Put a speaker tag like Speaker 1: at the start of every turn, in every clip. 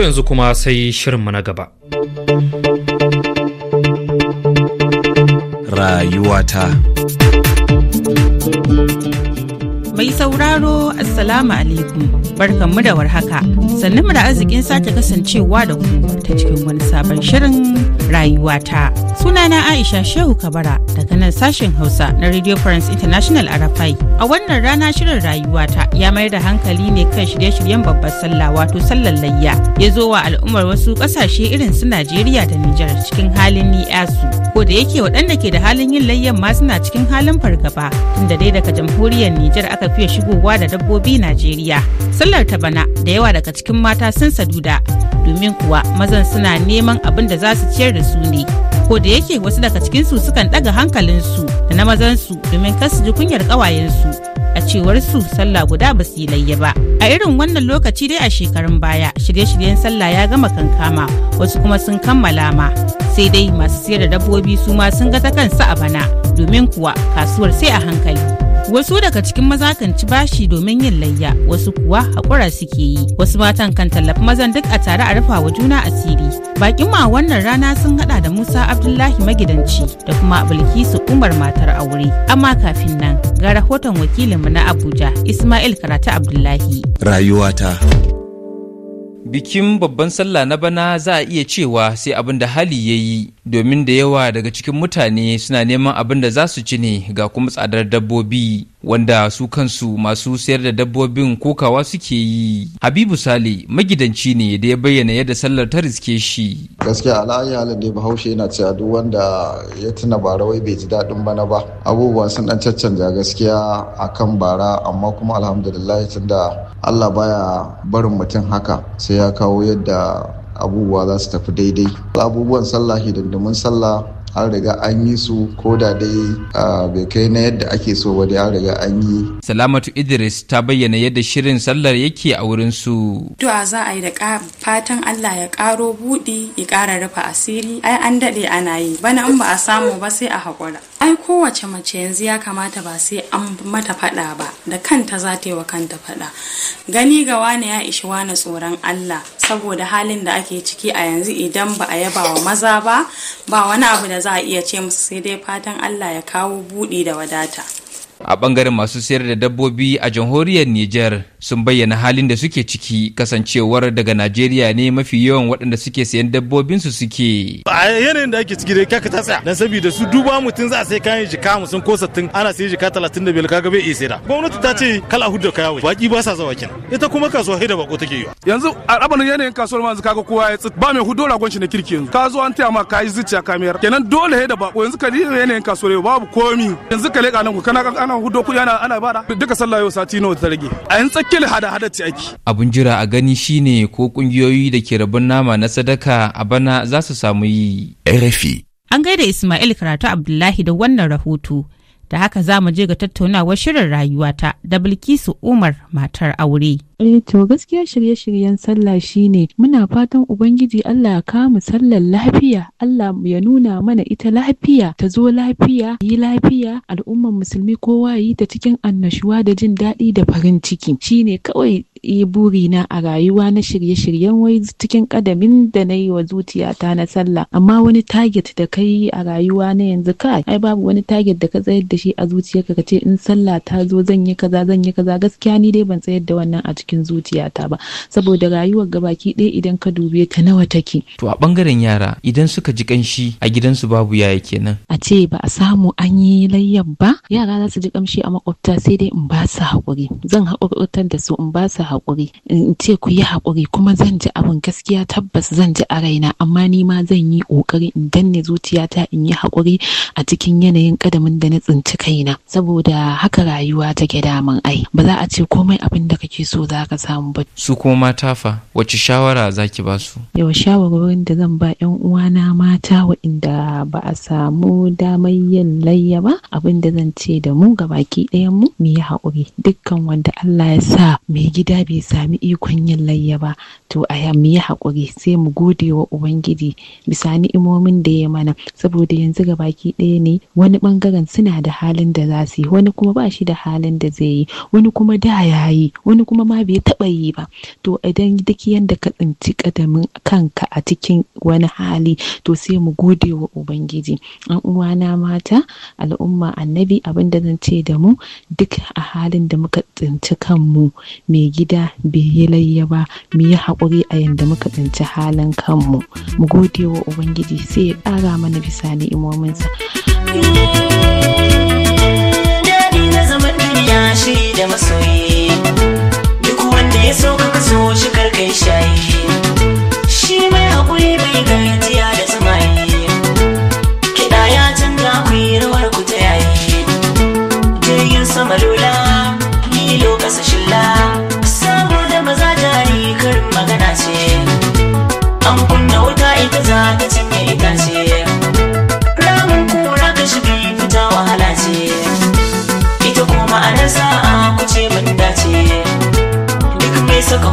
Speaker 1: To yanzu kuma sai shirinmu na gaba.
Speaker 2: Rayuwata
Speaker 3: Mai sauraro Assalamu alaikum barkanmu da warhaka sannan mu da arzikin sake kasancewa da ku ta cikin wani sabon shirin rayuwata sunana aisha shehu kabara daga nan sashen hausa na radio france international arafai a wannan rana shirin rayuwata ya mayar da hankali ne kan shirye-shiryen babbar sallah wato sallar layya ya zo wa al'ummar wasu kasashe irin su najeriya da nijar cikin halin ni'yasu ko da yake waɗanda ke da halin yin layyan ma suna cikin halin fargaba tunda dai daga jamhuriyar nijar aka fiye shigowa da dabbobi najeriya matsalar bana da yawa daga cikin mata sun saduda domin kuwa mazan suna neman abin da za su ciyar da su ne ko da yake wasu daga cikin su sukan ɗaga hankalinsu da na mazan su domin kar su ji kunyar ƙawayensu a cewar su sallah guda ba su yi layya ba a irin wannan lokaci dai a shekarun baya shirye-shiryen sallah ya gama kankama wasu kuma sun kammala ma sai dai masu sayar da dabbobi su ma sun ga ta kansa a bana domin kuwa kasuwar sai a hankali wasu daga cikin maza kan ci bashi domin yin layya wasu kuwa haƙura suke yi wasu matan kan tallafi mazan duk a tare a rufa wa juna asiri bakin ma wannan rana sun hada da musa abdullahi magidanci da kuma bilkisu umar matar aure amma kafin nan ga rahoton wakilinmu na abuja ismail karatu abdullahi
Speaker 1: rayuwata bikin babban sallah na bana za a iya cewa sai abin da hali ya yi domin da yawa daga cikin mutane suna neman abin da za su ci ne ga kuma tsadar dabbobi wanda su kansu masu sayar da dabbobin kokawa suke yi habibu sale magidanci ne da ya bayyana yadda sallar ta riske shi gaskiya alayi halin da bahaushe yana cewa duk wanda ya tuna bara wai bai ji daɗin bana ba abubuwan sun dan caccanja gaskiya akan bara amma kuma alhamdulillah tunda allah baya barin mutum haka sai ya kawo yadda abubuwa za su tafi daidai abubuwan sallah hidindimin sallah an riga an yi su ko da dai bai kai na yadda ake so ba dai an riga an yi. Salamatu Idris ta bayyana yadda shirin sallar yake a wurin su.
Speaker 3: Du'a za a yi da fatan Allah ya karo buɗi ya ƙara rufe asiri ai an daɗe ana yi bana in ba a samu ba sai a haƙura. ai kowace mace yanzu ya kamata ba sai an mata fada ba da kanta za ta yi wa kanta fada, gani ga wane ya ishi wane tsoron Allah saboda halin da ake ciki a yanzu idan ba a yaba wa maza ba ba wani abu da za a iya ce musu sai dai fatan Allah ya kawo buɗi da wadata
Speaker 1: a bangaren masu sayar da dabbobi a jamhuriyar Nijar sun bayyana halin da suke ciki kasancewar daga Najeriya ne mafi yawan waɗanda suke sayan dabbobinsu suke. A yanayin da ake ciki dai kaka ta tsaya dan saboda su duba mutum za a sai kayan jika musun ko sattin ana sai jika talatin da biyar kaga bai iya sai da. Gwamnati ta ce kala hudu da wai baki ba sa zawa kenan ita kuma kasuwa haida bako take yi. Yanzu a rabanin yanayin kasuwar ma yanzu kaga kowa ya tsit ba mai hudu ragon gwanci na kirki yanzu ka zo an taya ma ka yi zuciya kamiyar kenan dole haida bako yanzu ka yanayin kasuwar babu komi yanzu ka leƙa nan ku kana ana hudo kuɗi ana ana bada duka sallah yau sati nawa ta rage a yin tsakkele hada hada ce ake abun jira a gani shine ko kungiyoyi da ke rabon nama na sadaka a bana za su samu yi RFI
Speaker 3: an gaida Ismail Karatu Abdullahi da wannan rahoto da haka za mu je ga tattaunawar shirin rayuwata da bilkisu umar matar aure
Speaker 4: eh to gaskiya shirye-shiryen sallah shine muna fatan ubangiji allah ya kama sallar lafiya allah ya nuna mana ita lafiya ta zo lafiya yi lafiya al'ummar musulmi kowa yi ta cikin annashuwa da jin daɗi da farin ciki shine kawai yi burina a rayuwa na shirye-shiryen wai cikin kadamin da na yi wa zuciyata na sallah amma wani target da ka yi a rayuwa na yanzu kai ai babu wani target da ka tsayar da shi a zuciyar ka ce in sallah ta zo zan yi kaza zan yi kaza gaskiya ni dai ban tsayar da wannan a cikin zuciyata ba saboda rayuwar gabaki ɗaya idan ka dube ta nawa take to a
Speaker 1: bangaren yara idan suka ji kanshi a gidansu babu yaya kenan
Speaker 4: a ce ba a samu an yi layyan ba yara za su ji kamshi a makwabta sai dai in ba su haƙuri zan haƙuri da su in ba su haƙuri in ce ku yi hakuri kuma zan ji abin gaskiya tabbas zan ji a raina amma ni ma zan yi ƙoƙari in danne zuciyata in yi hakuri a cikin yanayin ƙadamin da na tsinci kaina saboda haka rayuwa ta take daman ai ba za a ce komai abin da kake so za ka samu ba.
Speaker 1: su kuma mata fa wace shawara za ki ba su.
Speaker 4: yawa shawarwarin da zan ba 'yan uwana mata waɗanda ba a samu damar yin layya ba abin da zan ce da mu ga baki ɗayan mu mu yi haƙuri dukkan wanda Allah ya sa mai gida bai sami ikon yin layya ba to a mu yi haƙuri sai mu gode wa ubangiji bisa ni'imomin da ya mana saboda yanzu ga baki ɗaya ne wani ɓangaren suna da halin da za su yi wani kuma ba shi da halin da zai yi wani kuma da ya yi wani kuma ma bai taɓa yi ba to idan duk yadda ka tsinci ƙadamin kanka a cikin wani hali to sai mu gode wa ubangiji an uwana mata al'umma annabi abin da zan ce da mu duk a halin da muka tsinci kanmu mai gida gida bai yi layya ba mu yi haƙuri a yadda muka tsinci halin kanmu mu gode wa ubangiji sai ya ƙara mana bisa ni'imominsa
Speaker 5: da masoyi duk wanda ya so ka so shi sa'a kuce mun dace duk mai saka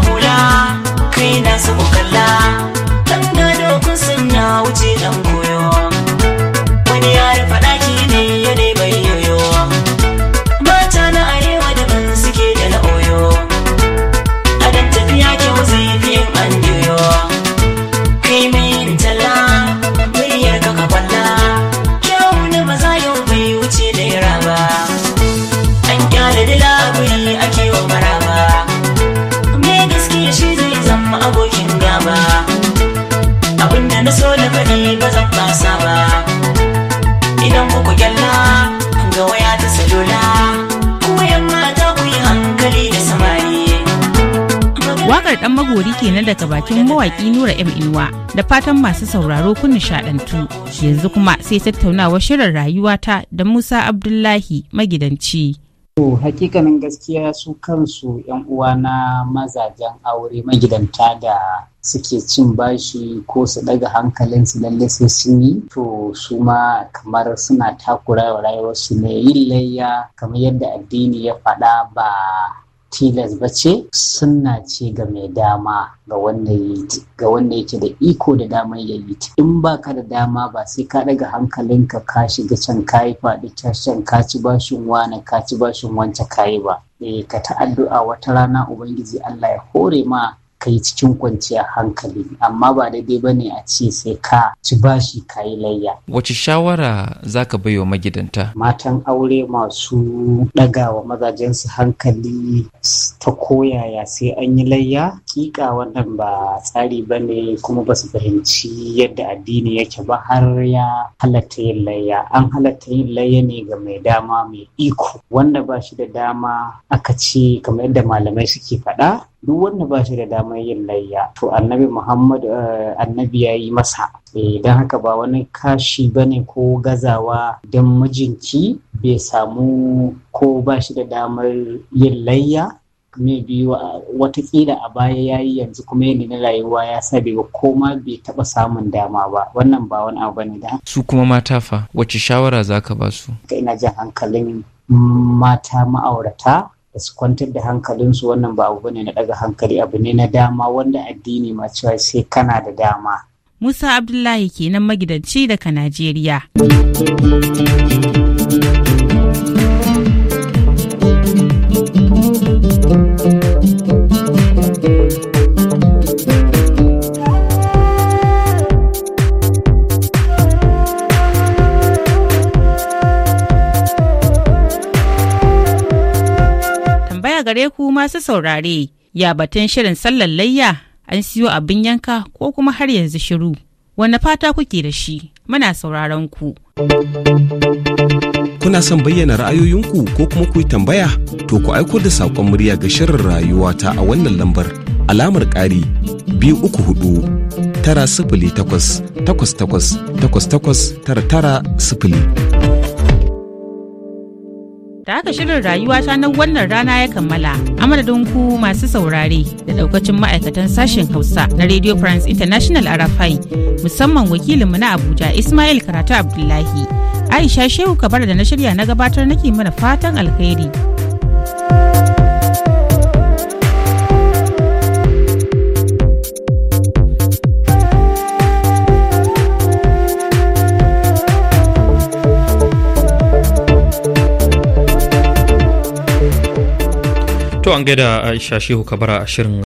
Speaker 5: na so na ba zan fasa waya ta salula kuma
Speaker 3: Wakar ɗan magori kenan daga bakin mawaƙi Nura M Inuwa da fatan masu sauraro kun nishaɗantu yanzu kuma sai tattaunawar shirin rayuwata da Musa Abdullahi
Speaker 2: magidanci. To hakikanin gaskiya su kansu yan uwa na mazajen aure magidanta da suke cin bashi ko su daga hankalin su lalle sai sun yi to su ma kamar suna takura wa rayuwarsu ne yin layya kamar yadda addini ya faɗa ba tilas ba ce sunna ce ga mai dama ga wanda yake da iko da dama ya yi ta in ka da dama ba sai ka daga hankalinka ka shiga can ka yi faɗi can ka ci bashin wane ka ci bashin wance ka yi ba eh ka ta addu'a wata rana ubangiji Allah ya hore ma ka yi cikin kwanciyar hankali amma ba daidai ba ne a ce sai ka ci bashi ka yi layya.
Speaker 1: Wace shawara za ka baiwa magidanta?
Speaker 2: Matan aure masu ɗagawa mazajensu hankali ta koyaya sai an yi layya hakika wannan ba tsari ba ne kuma ba su fahimci yadda addini yake ba har ya halatta yin layya an halatta yin layya ne ga mai dama mai iko wanda ba shi da dama aka ce kamar yadda malamai suke faɗa duk wanda ba shi da dama yin layya to annabi muhammad eh, annabi ya yi masa eh, don haka ba wani kashi ba ne ko gazawa don mijinki bai samu ko ba shi da damar yin layya maybe watakila a baya ya yi yanzu kuma yanayin rayuwa ya sa bai koma bai taɓa samun dama ba wannan ba wani abu bane da
Speaker 1: su kuma mata fa wacce shawara zaka ba su
Speaker 2: ina jan hankalin mata ma'aurata da su kwantar da hankalinsu wannan ba abu ne na daga hankali abu ne na dama wanda addini ma cewa sai kana da dama
Speaker 3: Musa Abdullahi kenan magidanci daga Najeriya. gare ku masu saurare ya batun shirin sallar layya an siyo abin yanka ko kuma har yanzu shiru wanda fata kuke da shi muna sauraron ku
Speaker 1: kuna son bayyana ra'ayoyinku ko kuma ku tambaya to ku aiko da saƙon murya ga shirin rayuwa ta a wannan lambar alamar ƙari biyu uku hudu tara sifili takwas takwas takwas takwas takwas tara tara sifili
Speaker 3: Da haka shirin rayuwa ta na wannan rana ya kammala. A madadin ku masu saurare da daukacin ma'aikatan sashen Hausa na Radio France International Arafai musamman wakilinmu na Abuja Ismail Karatu Abdullahi. Aisha Shehu Kabar da na shirya na gabatar nake mana fatan alheri.
Speaker 5: an gaida Aisha Shehu Kabara a shirin